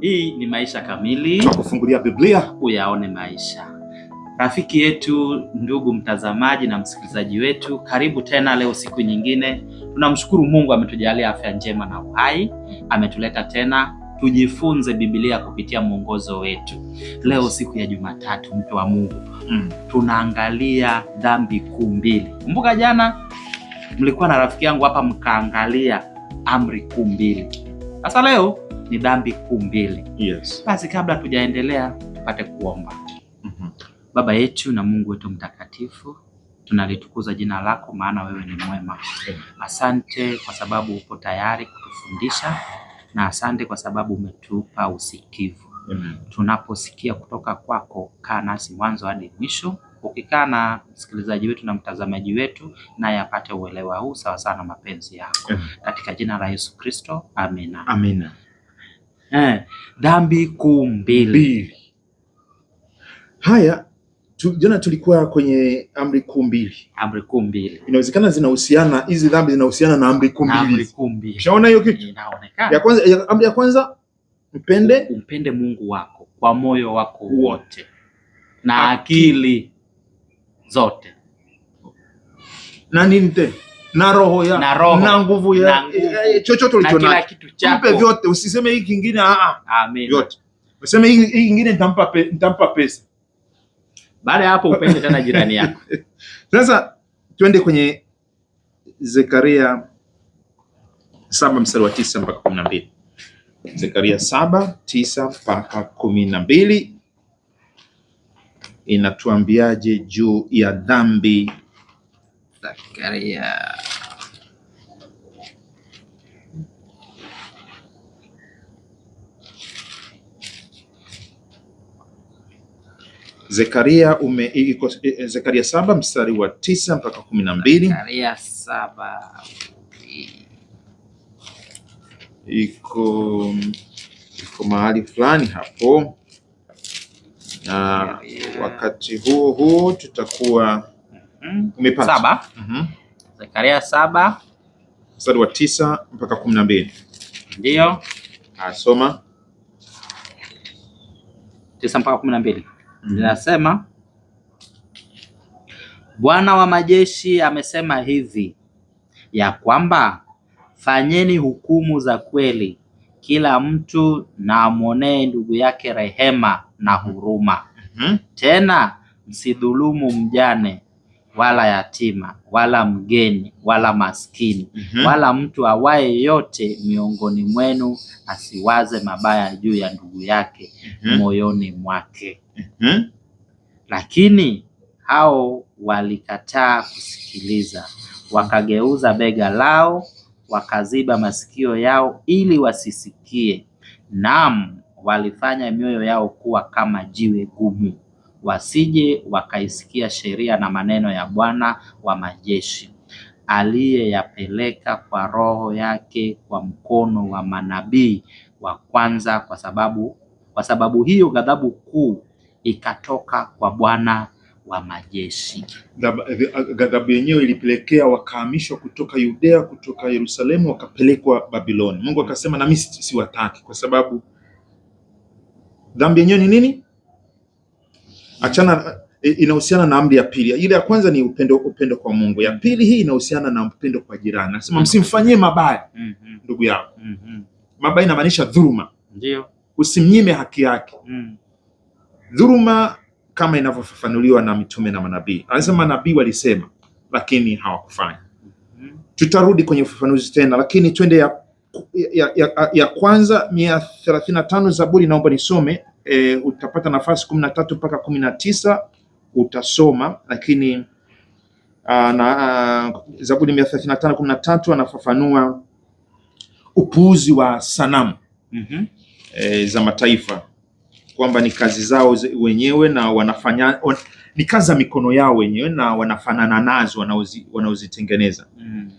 Hii ni Maisha Kamili, tukufungulia Biblia uyaone maisha. Rafiki yetu, ndugu mtazamaji na msikilizaji wetu, karibu tena leo, siku nyingine. Tunamshukuru Mungu ametujalia afya njema na uhai, ametuleta tena tujifunze Biblia kupitia mwongozo wetu. Leo siku ya Jumatatu, mtu wa Mungu mm. tunaangalia dhambi kuu mbili. Kumbuka jana mlikuwa na rafiki yangu hapa mkaangalia amri kuu mbili. Sasa leo ni dhambi kuu mbili. Yes. Basi kabla tujaendelea tupate kuomba. mm -hmm. Baba yetu na Mungu wetu mtakatifu, tunalitukuza jina lako, maana wewe ni mwema. Asante kwa sababu upo tayari kutufundisha na asante kwa sababu umetupa usikivu. mm -hmm. Tunaposikia kutoka kwako, kaa nasi mwanzo hadi mwisho ukikaa na msikilizaji wetu na mtazamaji wetu naye apate uelewa huu sawasawa na mapenzi yako, katika jina la Yesu Kristo, amina, amina eh, dhambi kuu mbili. Haya tu, jana tulikuwa kwenye amri kuu mbili, amri kuu mbili. Inawezekana zinahusiana hizi dhambi zinahusiana na amri kuu mbili. Amri kuu mbili. Unaona hiyo kitu? Inaonekana. Ya kwanza, ya, amri ya kwanza mpende mpende Mungu wako kwa moyo wako wote na akili zote na nini tena na roho ya na, roho, na nguvu ya eh, eh, chochote ulicho chako, mpe vyote, usiseme hii kingine. Ah, ah. Amen, vyote useme hii kingine nitampa pe, nitampa pesa. Baada ya hapo upende tena jirani yako. Sasa twende kwenye Zekaria saba mstari wa tisa mpaka kumi na mbili Zekaria saba tisa mpaka kumi na mbili inatuambiaje juu ya dhambi Zakaria Zekaria ume iko e, Zekaria saba mstari wa tisa mpaka kumi na mbili Zekaria saba iko iko mahali fulani hapo, na wakati huo huo tutakuwa Mm-hmm. umepata saba. Mm-hmm. Zakaria saba mstari wa tisa mpaka kumi na mbili. Ndio. Asoma tisa mpaka kumi na mbili. Linasema mm-hmm. Bwana wa majeshi amesema hivi ya kwamba fanyeni hukumu za kweli, kila mtu na amwonee ndugu yake rehema na huruma. Mm -hmm. Tena msidhulumu mjane, wala yatima wala mgeni wala maskini mm -hmm. wala mtu awaye yote miongoni mwenu asiwaze mabaya juu ya ndugu yake mm -hmm. moyoni mwake mm -hmm. Lakini hao walikataa kusikiliza, wakageuza bega lao, wakaziba masikio yao ili wasisikie. Naam, walifanya mioyo yao kuwa kama jiwe gumu wasije wakaisikia sheria na maneno ya Bwana wa majeshi aliyeyapeleka kwa roho yake kwa mkono wa manabii wa kwanza, kwa sababu kwa sababu hiyo ghadhabu kuu ikatoka kwa Bwana wa majeshi. Ghadhabu eh, yenyewe ilipelekea wakahamishwa kutoka Yudea, kutoka Yerusalemu, wakapelekwa Babiloni. Mungu akasema, nami siwataki, kwa sababu dhambi yenyewe ni nini? achana eh, inahusiana na amri ya pili. Ile ya kwanza ni upendo, upendo kwa Mungu. Ya mm-hmm. pili hii inahusiana na upendo kwa jirani. Nasema mm-hmm. msimfanyie mabaya mm-hmm. ndugu yako. Mabaya inamaanisha dhuruma ndio usimnyime haki yake. Mm. dhuruma kama inavyofafanuliwa na mitume na manabii, anasema manabii walisema lakini hawakufanya. Tutarudi kwenye ufafanuzi tena, lakini twende ya ya, ya, ya kwanza mia thelathini na tano Zaburi naomba nisome e, utapata nafasi kumi na tatu mpaka kumi na tisa utasoma, lakini na, Zaburi mia thelathini na tano kumi na tatu anafafanua upuuzi wa sanamu mm -hmm. e, za mataifa kwamba ni kazi zao wenyewe na wanafanya on, ni kazi za mikono yao wenyewe na wanafanana nazo wanaozitengeneza mm.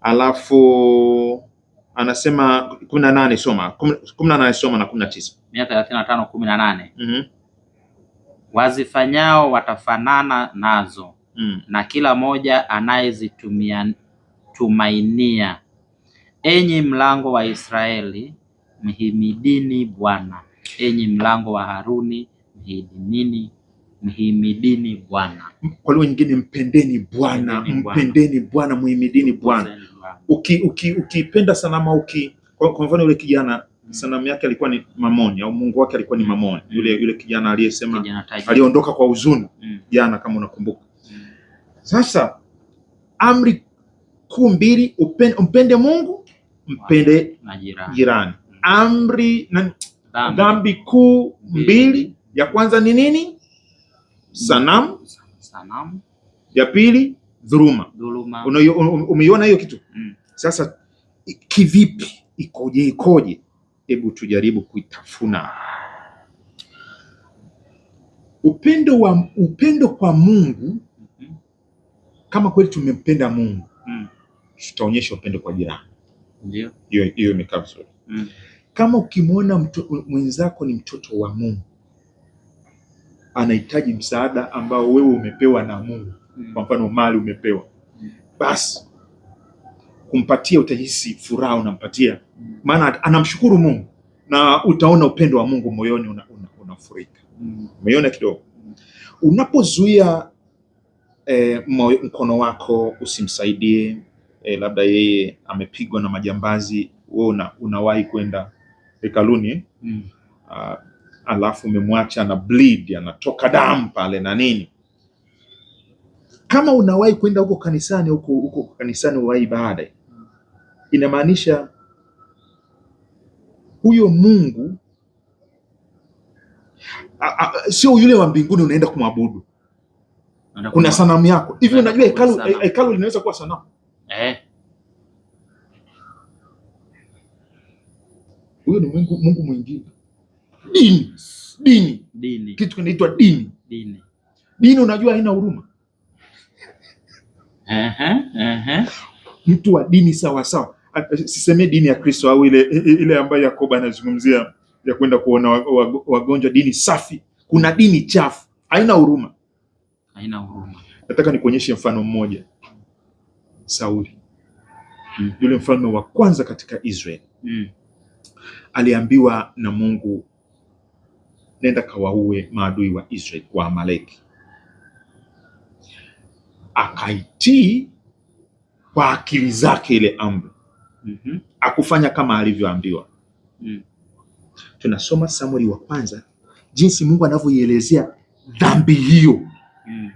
alafu anasema kumi na nane soma kumi na nane soma na kumi na tisa mia thelathini na tano kumi na nane mhm. wazifanyao watafanana nazo mm. na kila moja anayezitumia tumainia Enyi mlango wa Israeli mhimidini Bwana, enyi mlango wa Haruni mhimidini Mhimidini Bwana. Kwa lugha nyingine, mpendeni Bwana, mpendeni Bwana, mhimidini Bwana. Ukipenda uki, uki sanamu uki, kwa mfano yule kijana mm. sanamu yake alikuwa ni Mamoni au mungu wake alikuwa ni Mamoni, mm. yule yule kijana aliyesema aliondoka kwa huzuni mm. jana, kama unakumbuka. Sasa amri kuu mbili, mpende Mungu, mpende jirani. Amri na dhambi kuu mbili, ya kwanza ni nini? sanamu, sanamu. Ya pili dhuluma. Dhuluma. Umeiona hiyo kitu mm. Sasa kivipi? Ikoje? Ikoje? Hebu tujaribu kuitafuna. Upendo wa upendo kwa Mungu mm-hmm. Kama kweli tumempenda Mungu mm. Tutaonyesha upendo kwa jirani, ndio hiyo imekaa vizuri mm. Kama ukimwona mwenzako ni mtoto wa Mungu anahitaji msaada ambao wewe umepewa na Mungu. Mm. Kwa mfano, mali umepewa, basi kumpatia utahisi furaha unampatia, mm. maana anamshukuru Mungu na utaona upendo wa Mungu moyoni unafurika una, una mm. umeona kidogo. Unapozuia eh, mkono wako usimsaidie eh, labda yeye amepigwa na majambazi, wewe unawahi kwenda hekaluni eh? mm. uh, alafu umemwacha ana bleed, anatoka damu pale na nini. Kama unawahi kwenda huko kanisani huko huko kanisani uwahi baada, inamaanisha huyo Mungu sio yule wa mbinguni unaenda kumwabudu, kuna sanamu yako hivi. Unajua hekalu eh, hekalu linaweza kuwa sanamu eh. Huyo ni Mungu, Mungu mwingine dini dini dini, kitu kinaitwa dini dini. Dini unajua haina huruma. Mtu wa dini sawa sawa, sisemee dini ya Kristo au ile ile ambayo Yakoba anazungumzia ya kwenda kuona wagonjwa, dini safi. Kuna dini chafu, haina huruma, haina huruma. Nataka nikuonyeshe mfano mmoja, Sauli mm. yule mfalme wa kwanza katika Israeli mm. aliambiwa na Mungu nenda kawaue maadui wa Israeli kwa Amaleki. Akaitii kwa akili zake ile amri mm -hmm. Akufanya kama alivyoambiwa mm. Tunasoma Samueli wa kwanza jinsi Mungu anavyoielezea dhambi hiyo mm.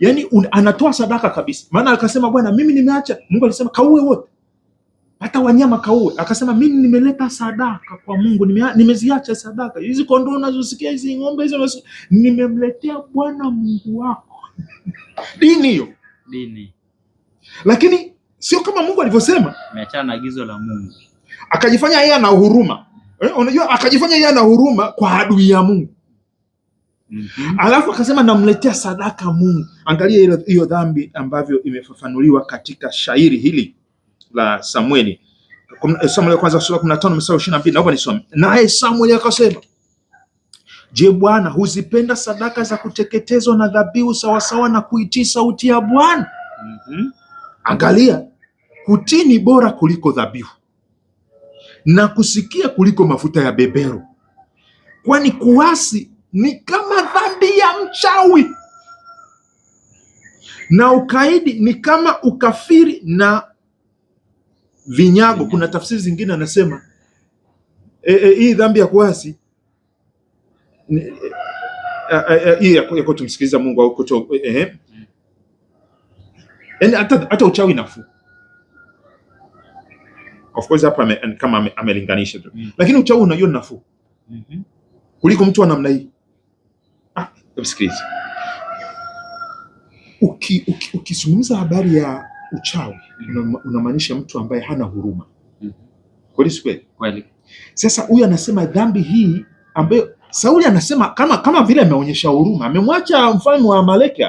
Yaani anatoa sadaka kabisa, maana akasema Bwana, mimi nimeacha. Mungu alisema kaue wote hata wanyama kaue. Akasema mimi nimeleta sadaka kwa Mungu, nime, nimeziacha sadaka hizi, kondoo unazosikia hizi, ng'ombe hizo, nimemletea Bwana Mungu wako. Dini hiyo dini, lakini sio kama Mungu alivyosema. Ameachana na agizo la Mungu, akajifanya yeye ana huruma eh, unajua akajifanya yeye ana huruma kwa adui ya Mungu. Mm -hmm. Alafu akasema namletea sadaka Mungu. Angalia hiyo dhambi ambavyo imefafanuliwa katika shairi hili la Samueli, eh, Samueli ya kwanza sura 15 mstari 22, naomba nisome. Naye Samueli akasema, Je, Bwana huzipenda sadaka za kuteketezwa na dhabihu sawasawa na kuitii sauti ya Bwana? mm -hmm. Angalia, kutii ni bora kuliko dhabihu na kusikia kuliko mafuta ya beberu, kwani kuasi ni kama dhambi ya mchawi na ukaidi ni kama ukafiri na vinyago. Kuna tafsiri zingine anasema e, e, hii dhambi ya kuasi e, hii ya kutumsikiliza Mungu au kuto, e, e, eh, yani hata hata uchawi nafuu. Of course hapa kama amelinganisha tu, mm. lakini uchawi unajua nafuu mm-hmm. kuliko mtu wa namna hii. Ah, msikilize, ukizungumza habari ya uchawi unamaanisha mtu ambaye hana huruma. Mhm. Kweli si kweli? Kweli. Sasa huyu anasema dhambi hii ambayo Sauli anasema kama kama vile ameonyesha huruma, amemwacha mfalme wa Amaleki,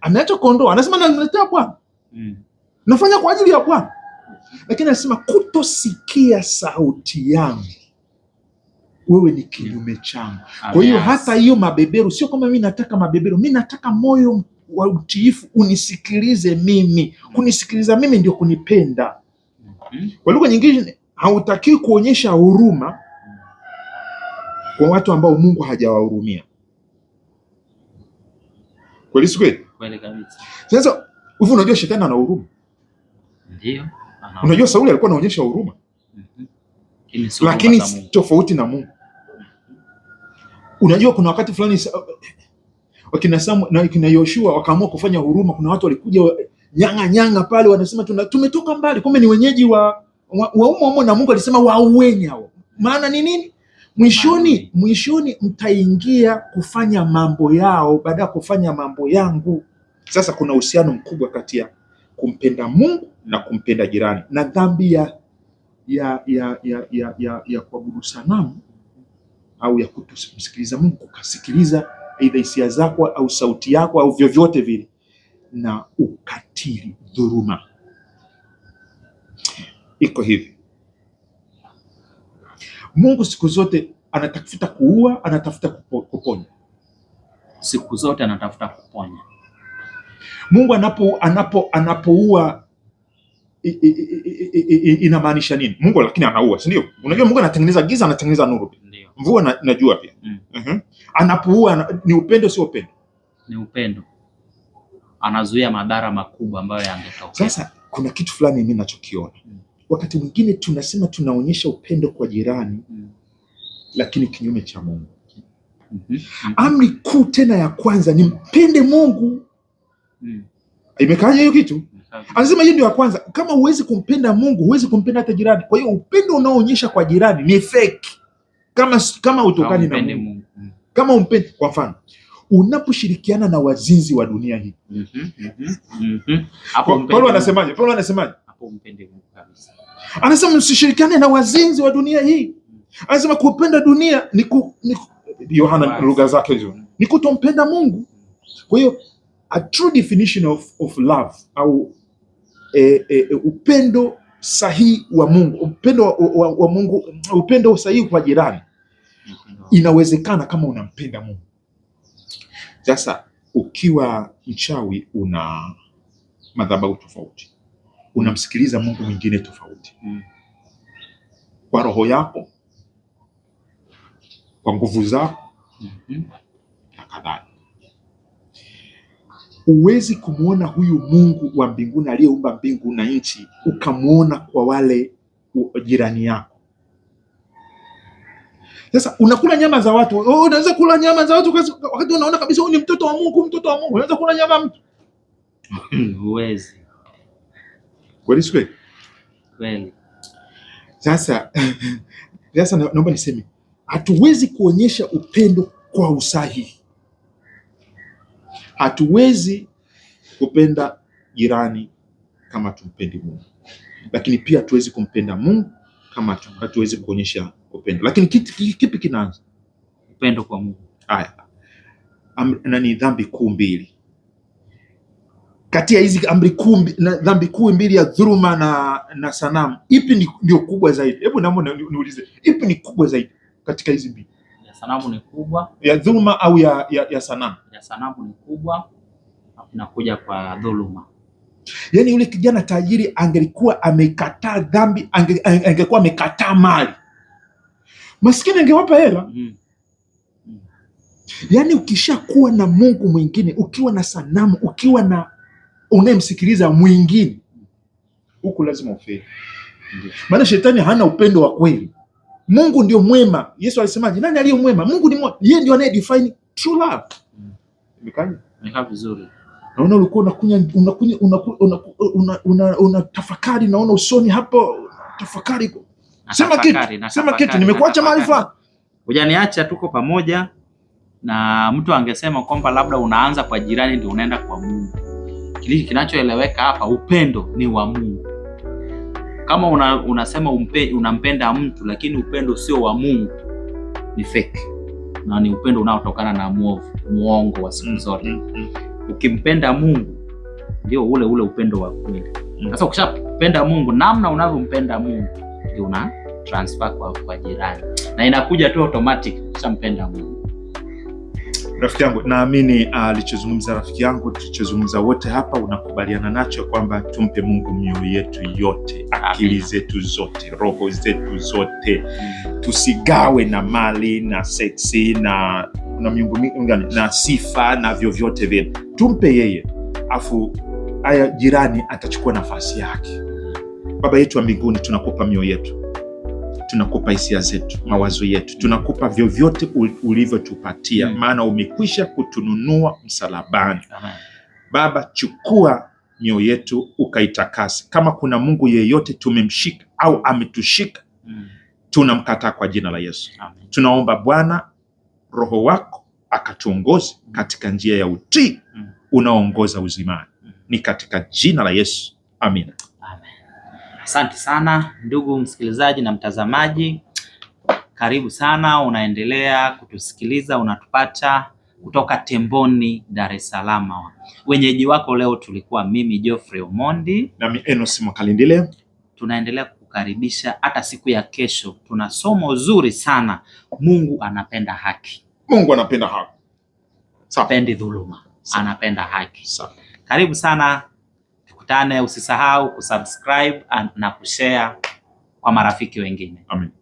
ameacha kondoo, anasema namletea Bwana mm. nafanya kwa ajili ya Bwana, lakini anasema kutosikia sauti yangu wewe ni kinyume changu. Kwa hiyo hata hiyo mabeberu sio kama mimi nataka mabeberu, mimi nataka moyo wa utiifu unisikilize mimi. Kunisikiliza mimi ndio kunipenda. Mhm. Kwa lugha nyingine, hautakii kuonyesha huruma kwa watu ambao Mungu hajawahurumia. Kweli si kweli? Kweli kabisa. Sasa hivi unajua shetani ana huruma. Ndio. Unajua Sauli alikuwa anaonyesha huruma. Mm -hmm. Lakini tofauti na Mungu. Unajua kuna wakati fulani wakina Samu na kina Yoshua wakaamua kufanya huruma. Kuna watu walikuja nyanga nyanga pale, wanasema tuna, tumetoka mbali, kumbe ni wenyeji wa wa wa umo umo, na Mungu alisema waueni hao. Maana ni nini? Mwishoni, mwishoni mtaingia kufanya mambo yao baada ya kufanya mambo yangu. Sasa kuna uhusiano mkubwa kati ya kumpenda Mungu na kumpenda jirani, na dhambi ya ya ya ya ya, ya, ya kuabudu sanamu au ya kutomsikiliza Mungu, kukasikiliza aidha hisia zako au sauti yako au vyovyote vile, na ukatili, dhuruma Iko hivi, Mungu siku zote anatafuta kuua, anatafuta kuponya, siku zote anatafuta kuponya. Mungu anapo anapo anapouua inamaanisha nini? Mungu lakini anaua, si ndio? Unajua Mungu anatengeneza giza, anatengeneza nuru pia, mvua na najua pia mm. uh mhm. -huh anapoua ni upendo, sio upendo? Ni upendo, anazuia madhara makubwa ambayo yangetokea. Sasa kuna kitu fulani mimi ninachokiona hmm. Wakati mwingine tunasema tunaonyesha upendo kwa jirani hmm. Lakini kinyume cha Mungu hmm. hmm. Amri kuu tena ya kwanza ni mpende Mungu hmm. Imekaja hiyo kitu anasema hiyo ndio ya kwanza. Kama huwezi kumpenda Mungu, huwezi kumpenda hata jirani. Kwa hiyo upendo unaoonyesha kwa jirani ni fake, kama kama utokani na Mungu kama umpendi. Kwa mfano unaposhirikiana na wazinzi wa dunia hii mm -hmm, mm -hmm. Hapo Paulo anasemaje? Paulo anasemaje? Hapo umpende Mungu kabisa. Anasema msishirikiane na wazinzi wa dunia hii. Anasema kupenda dunia ni ku, ni Yohana lugha zake hizo ni kutompenda Mungu. Kwa hiyo a true definition of, of love au e, e, e, upendo sahihi wa Mungu, upendo wa, wa, wa Mungu, upendo sahihi kwa jirani Inawezekana kama unampenda Mungu. Sasa ukiwa mchawi, una madhabahu tofauti, unamsikiliza Mungu mwingine tofauti, mm. kwa roho yako, kwa nguvu zako mm -hmm. na kadhalika. Huwezi kumwona huyu Mungu wa mbinguni aliyeumba mbingu na nchi ukamwona kwa wale jirani yako sasa unakula nyama za watu. Oh, unaweza kula nyama za watu wakati unaona kabisa huyu ni mtoto wa Mungu, mtoto wa Mungu. Unaweza kula nyama mtu? Huwezi. Kweli si kweli? Sasa sasa naomba niseme hatuwezi kuonyesha upendo kwa usahihi. Hatuwezi kupenda jirani kama tumpendi Mungu, lakini pia hatuwezi kumpenda Mungu kama hatuwezi kuonyesha upendo. Lakini kipi kinaanza? Upendo kwa Mungu. Haya, ni Dhambi kuu mbili kati ya hizi amri kuu na dhambi kuu mbili ya dhuluma na, na sanamu, ipi ndio kubwa zaidi? Hebu naomba niulize, ipi ni kubwa zaidi katika hizi mbili? Ya sanamu ni kubwa, ya dhuluma au ya, ya, ya sanamu? Ya sanamu ni kubwa, inakuja kwa dhuluma. Yaani yule kijana tajiri angelikuwa amekataa dhambi, ange, angekuwa amekataa mali maskini angewapa hela yani mm. mm. Yaani, ukishakuwa na Mungu mwingine, ukiwa na sanamu, ukiwa na unayemsikiliza mwingine, huku lazima ufeli, maana shetani hana upendo wa kweli. Mungu ndio mwema. Yesu alisemaje? Nani aliye mwema? Mungu ni mwema, yeye ndio anaye define true love. Imekaa vizuri. Naona ulikuwa unakunya unakunya unatafakari, naona usoni hapo tafakari sema kitu, sema kitu, nimekuacha maarifa. Hujaniacha, tuko pamoja. Na mtu angesema kwamba labda unaanza kwa jirani ndio unaenda kwa Mungu. kilichi kinachoeleweka hapa, upendo ni wa Mungu. Kama una, unasema umpe, unampenda mtu lakini upendo sio wa Mungu ni fake na ni upendo unaotokana na muovu, muongo wa siku mm, zote mm -hmm. Ukimpenda Mungu ndio ule ule upendo wa kweli. Mm. Sasa ukishapenda Mungu, namna unavyompenda Mungu ndio una transfer kwa, kwa jirani na inakuja tu automatic utampenda Mungu. Rafiki yangu, naamini ah, alichozungumza uh, rafiki yangu, tulichozungumza wote hapa, unakubaliana nacho kwamba tumpe Mungu mioyo yetu yote, akili zetu zote, roho zetu zote, tusigawe na mali na seksi na na miungu mingi na sifa na vyovyote vile, tumpe yeye, afu haya jirani atachukua nafasi yake. Baba yetu wa mbinguni, tunakupa mioyo yetu tunakupa hisia zetu, mawazo yetu, tunakupa vyovyote ulivyotupatia mm. maana umekwisha kutununua msalabani Baba, chukua mioyo yetu ukaitakasi Kama kuna Mungu yeyote tumemshika au ametushika mm. tunamkataa kwa jina la Yesu Amen. Tunaomba Bwana Roho wako akatuongoze mm. katika njia ya utii mm. unaoongoza uzimani mm. ni katika jina la Yesu, amina. Asante sana ndugu msikilizaji na mtazamaji, karibu sana. Unaendelea kutusikiliza, unatupata kutoka Temboni, Dar es Salaam. Wenyeji wako leo tulikuwa mimi Geoffrey Omondi nami Enos Makalindile. Tunaendelea kukaribisha hata siku ya kesho, tuna somo zuri sana. Mungu anapenda haki, Mungu anapenda haki, hapendi dhuluma, anapenda haki. Sa. Karibu sana tukutane. Usisahau kusubscribe na kushare kwa marafiki wengine. Amen.